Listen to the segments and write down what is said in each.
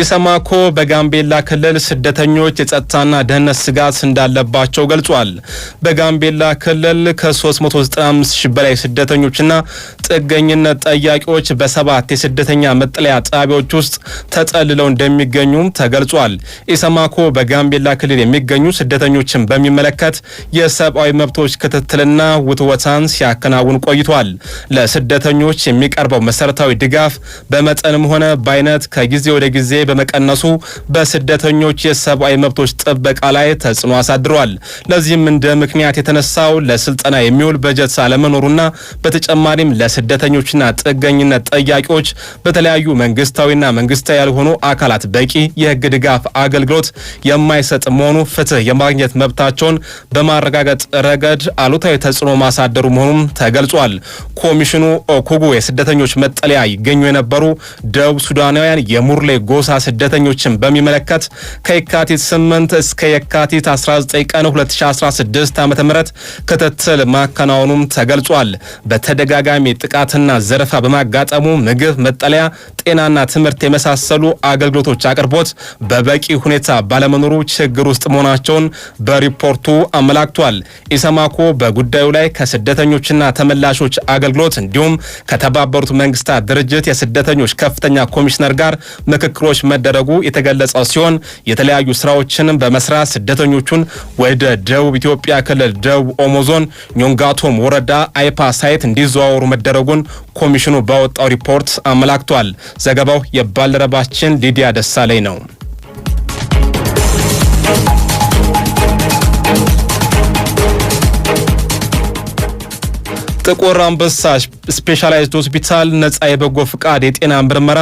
ኢሰማኮ በጋምቤላ ክልል ስደተኞች የጸጥታና ደህንነት ስጋት እንዳለባቸው ገልጿል። በጋምቤላ ክልል ከ395 ሺህ በላይ ስደተኞችና ጥገኝነት ጠያቂዎች በሰባት የስደተኛ መጠለያ ጣቢያዎች ውስጥ ተጠልለው እንደሚገኙም ተገልጿል። ኢሰማኮ በጋምቤላ ክልል የሚገኙ ስደተኞችን በሚመለከት የሰብአዊ መብቶች ክትትልና ውትወታን ሲያከናውን ቆይቷል። ለስደተኞች የሚቀርበው መሰረታዊ ድጋፍ በመጠንም ሆነ በአይነት ከጊዜ ወደ ጊዜ በመቀነሱ በስደተኞች የሰብአዊ መብቶች ጥበቃ ላይ ተጽዕኖ አሳድሯል። ለዚህም እንደ ምክንያት የተነሳው ለስልጠና የሚውል በጀት አለመኖሩና በተጨማሪም ለስደተኞችና ጥገኝነት ጠያቂዎች በተለያዩ መንግስታዊና መንግስታዊ ያልሆኑ አካላት በቂ የህግ ድጋፍ አገልግሎት የማይሰጥ መሆኑ ፍትህ የማግኘት መብታቸውን በማረጋገጥ ረገድ አሉታዊ ተጽዕኖ ማሳደሩ መሆኑም ተገልጿል። ኮሚሽኑ ኦኩጉ የስደተኞች መጠለያ ይገኙ የነበሩ ደቡብ ሱዳናውያን የሙርሌ ጎሳ 50 ስደተኞችን በሚመለከት ከየካቲት 8 እስከ የካቲት 19 ቀን 2016 ዓ.ም ክትትል ማከናወኑም ተገልጿል። በተደጋጋሚ ጥቃትና ዘረፋ በማጋጠሙ ምግብ፣ መጠለያ፣ ጤናና ትምህርት የመሳሰሉ አገልግሎቶች አቅርቦት በበቂ ሁኔታ ባለመኖሩ ችግር ውስጥ መሆናቸውን በሪፖርቱ አመላክቷል። ኢሰማኮ በጉዳዩ ላይ ከስደተኞችና ተመላሾች አገልግሎት እንዲሁም ከተባበሩት መንግስታት ድርጅት የስደተኞች ከፍተኛ ኮሚሽነር ጋር ምክክሮች ጥረቶች መደረጉ የተገለጸ ሲሆን የተለያዩ ስራዎችን በመስራት ስደተኞቹን ወደ ደቡብ ኢትዮጵያ ክልል ደቡብ ኦሞ ዞን ኞንጋቶም ወረዳ አይፓ ሳይት እንዲዘዋወሩ መደረጉን ኮሚሽኑ ባወጣው ሪፖርት አመላክቷል። ዘገባው የባልደረባችን ሊዲያ ደሳለኝ ነው። ጥቁር አንበሳ ስፔሻላይዝድ ሆስፒታል ነጻ የበጎ ፍቃድ የጤና ምርመራ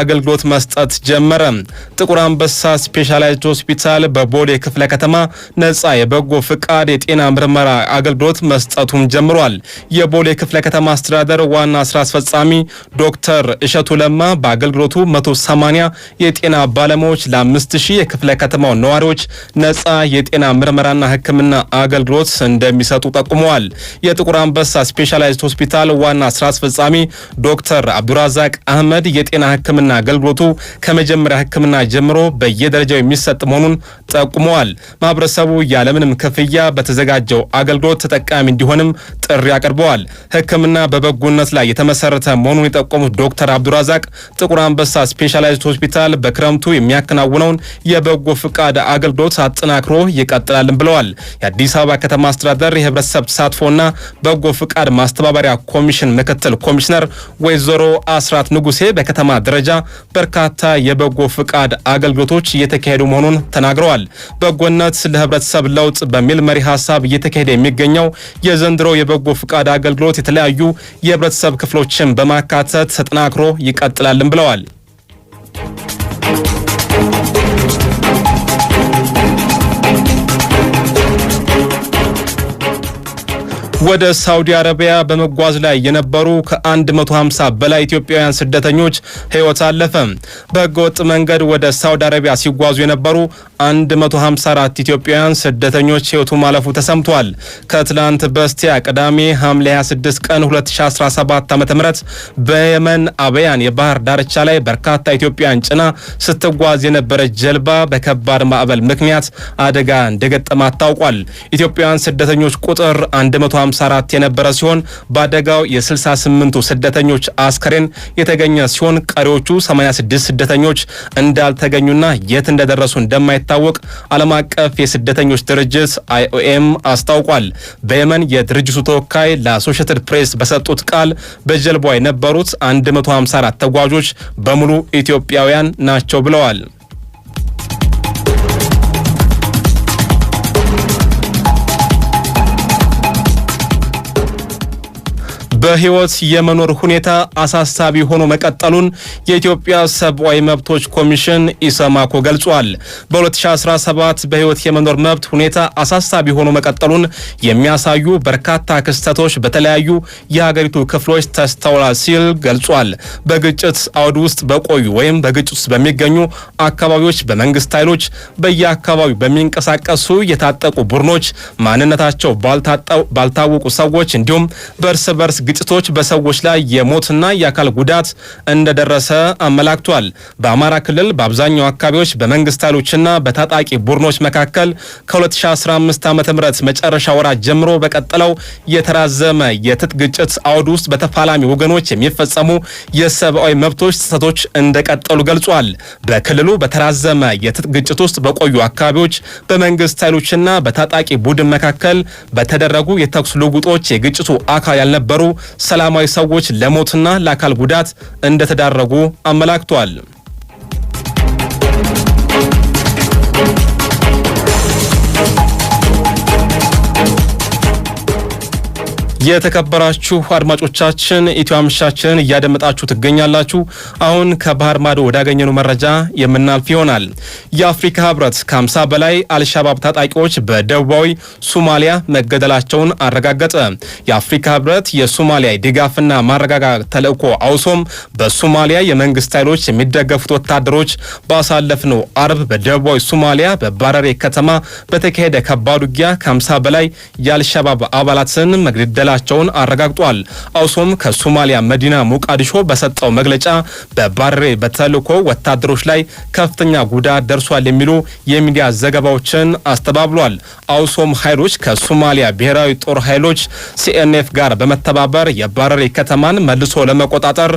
አገልግሎት መስጠት ጀመረ። ጥቁር አንበሳ ስፔሻላይዝድ ሆስፒታል በቦሌ ክፍለ ከተማ ነጻ የበጎ ፍቃድ የጤና ምርመራ አገልግሎት መስጠቱም ጀምሯል። የቦሌ ክፍለ ከተማ አስተዳደር ዋና ስራ አስፈጻሚ ዶክተር እሸቱ ለማ በአገልግሎቱ 180 የጤና ባለሙያዎች ለ5000 የክፍለ ከተማው ነዋሪዎች ነጻ የጤና ምርመራና ሕክምና አገልግሎት እንደሚሰጡ ጠቁመዋል። የጥቁር አንበሳ ስፔሻላይዝድ ሆስፒታል ዋና ስራ አስፈጻሚ ዶክተር አብዱራዛቅ አህመድ የጤና ሕክምና የሕክምና አገልግሎቱ ከመጀመሪያ ህክምና ጀምሮ በየደረጃው የሚሰጥ መሆኑን ጠቁመዋል። ማህበረሰቡ ያለምንም ክፍያ በተዘጋጀው አገልግሎት ተጠቃሚ እንዲሆንም ጥሪ አቅርበዋል። ህክምና በበጎነት ላይ የተመሰረተ መሆኑን የጠቆሙት ዶክተር አብዱራዛቅ ጥቁር አንበሳ ስፔሻላይዝድ ሆስፒታል በክረምቱ የሚያከናውነውን የበጎ ፍቃድ አገልግሎት አጠናክሮ ይቀጥላልን ብለዋል። የአዲስ አበባ ከተማ አስተዳደር የህብረተሰብ ተሳትፎና በጎ ፍቃድ ማስተባበሪያ ኮሚሽን ምክትል ኮሚሽነር ወይዘሮ አስራት ንጉሴ በከተማ ደረጃ በርካታ የበጎ ፍቃድ አገልግሎቶች እየተካሄዱ መሆኑን ተናግረዋል። በጎነት ለህብረተሰብ ለውጥ በሚል መሪ ሀሳብ እየተካሄደ የሚገኘው የዘንድሮ የበጎ የበጎ ፍቃድ አገልግሎት የተለያዩ የህብረተሰብ ክፍሎችን በማካተት ተጠናክሮ ይቀጥላልን ብለዋል። ወደ ሳውዲ አረቢያ በመጓዝ ላይ የነበሩ ከ150 በላይ ኢትዮጵያውያን ስደተኞች ህይወት አለፈ። በህገወጥ መንገድ ወደ ሳውዲ አረቢያ ሲጓዙ የነበሩ 154 ኢትዮጵያውያን ስደተኞች ህይወቱ ማለፉ ተሰምቷል። ከትላንት በስቲያ ቅዳሜ ሐምሌ 26 ቀን 2017 ዓ.ም በየመን አበያን የባህር ዳርቻ ላይ በርካታ ኢትዮጵያን ጭና ስትጓዝ የነበረች ጀልባ በከባድ ማዕበል ምክንያት አደጋ እንደገጠማት ታውቋል። ኢትዮጵያውያን ስደተኞች ቁጥር 154 የነበረ ሲሆን በአደጋው የ68ቱ ስደተኞች አስከሬን የተገኘ ሲሆን ቀሪዎቹ 86 ስደተኞች እንዳልተገኙና የት እንደደረሱ እንደማይታ እንደሚታወቅ ዓለም አቀፍ የስደተኞች ድርጅት አይኦኤም አስታውቋል። በየመን የድርጅቱ ተወካይ ለአሶሽትድ ፕሬስ በሰጡት ቃል በጀልባዋ የነበሩት 154 ተጓዦች በሙሉ ኢትዮጵያውያን ናቸው ብለዋል። በህይወት የመኖር ሁኔታ አሳሳቢ ሆኖ መቀጠሉን የኢትዮጵያ ሰብአዊ መብቶች ኮሚሽን ኢሰማኮ ገልጿል። በ2017 በህይወት የመኖር መብት ሁኔታ አሳሳቢ ሆኖ መቀጠሉን የሚያሳዩ በርካታ ክስተቶች በተለያዩ የሀገሪቱ ክፍሎች ተስተውላል ሲል ገልጿል። በግጭት አውድ ውስጥ በቆዩ ወይም በግጭት ውስጥ በሚገኙ አካባቢዎች በመንግስት ኃይሎች፣ በየአካባቢው በሚንቀሳቀሱ የታጠቁ ቡድኖች፣ ማንነታቸው ባልታወቁ ሰዎች እንዲሁም በእርስ በርስ ግጭቶች በሰዎች ላይ የሞትና የአካል ጉዳት እንደደረሰ አመላክቷል። በአማራ ክልል በአብዛኛው አካባቢዎች በመንግስት ኃይሎችና በታጣቂ ቡድኖች መካከል ከ2015 ዓ ም መጨረሻ ወራት ጀምሮ በቀጠለው የተራዘመ የትጥቅ ግጭት አውድ ውስጥ በተፋላሚ ወገኖች የሚፈጸሙ የሰብአዊ መብቶች ጥሰቶች እንደቀጠሉ ገልጿል። በክልሉ በተራዘመ የትጥቅ ግጭት ውስጥ በቆዩ አካባቢዎች በመንግስት ኃይሎችና በታጣቂ ቡድን መካከል በተደረጉ የተኩስ ልውውጦች የግጭቱ አካል ያልነበሩ ሰላማዊ ሰዎች ለሞትና ለአካል ጉዳት እንደተዳረጉ አመላክቷል። የተከበራችሁ አድማጮቻችን ኢትዮ አምሻችንን እያደመጣችሁ ትገኛላችሁ። አሁን ከባህር ማዶ ወዳገኘነው መረጃ የምናልፍ ይሆናል። የአፍሪካ ህብረት ከ50 በላይ አልሻባብ ታጣቂዎች በደቡባዊ ሶማሊያ መገደላቸውን አረጋገጠ። የአፍሪካ ህብረት የሶማሊያ ድጋፍና ማረጋጋት ተልእኮ አውሶም በሶማሊያ የመንግስት ኃይሎች የሚደገፉት ወታደሮች ባሳለፍነው አርብ በደቡባዊ ሶማሊያ በባረሬ ከተማ በተካሄደ ከባድ ውጊያ ከ50 በላይ የአልሻባብ አባላትን መግደላ መግደላቸውን አረጋግጧል። አውሶም ከሶማሊያ መዲና ሞቃዲሾ በሰጠው መግለጫ በባሬ በተልእኮ ወታደሮች ላይ ከፍተኛ ጉዳት ደርሷል የሚሉ የሚዲያ ዘገባዎችን አስተባብሏል። አውሶም ኃይሎች ከሶማሊያ ብሔራዊ ጦር ኃይሎች ሲኤንኤፍ ጋር በመተባበር የባሬ ከተማን መልሶ ለመቆጣጠር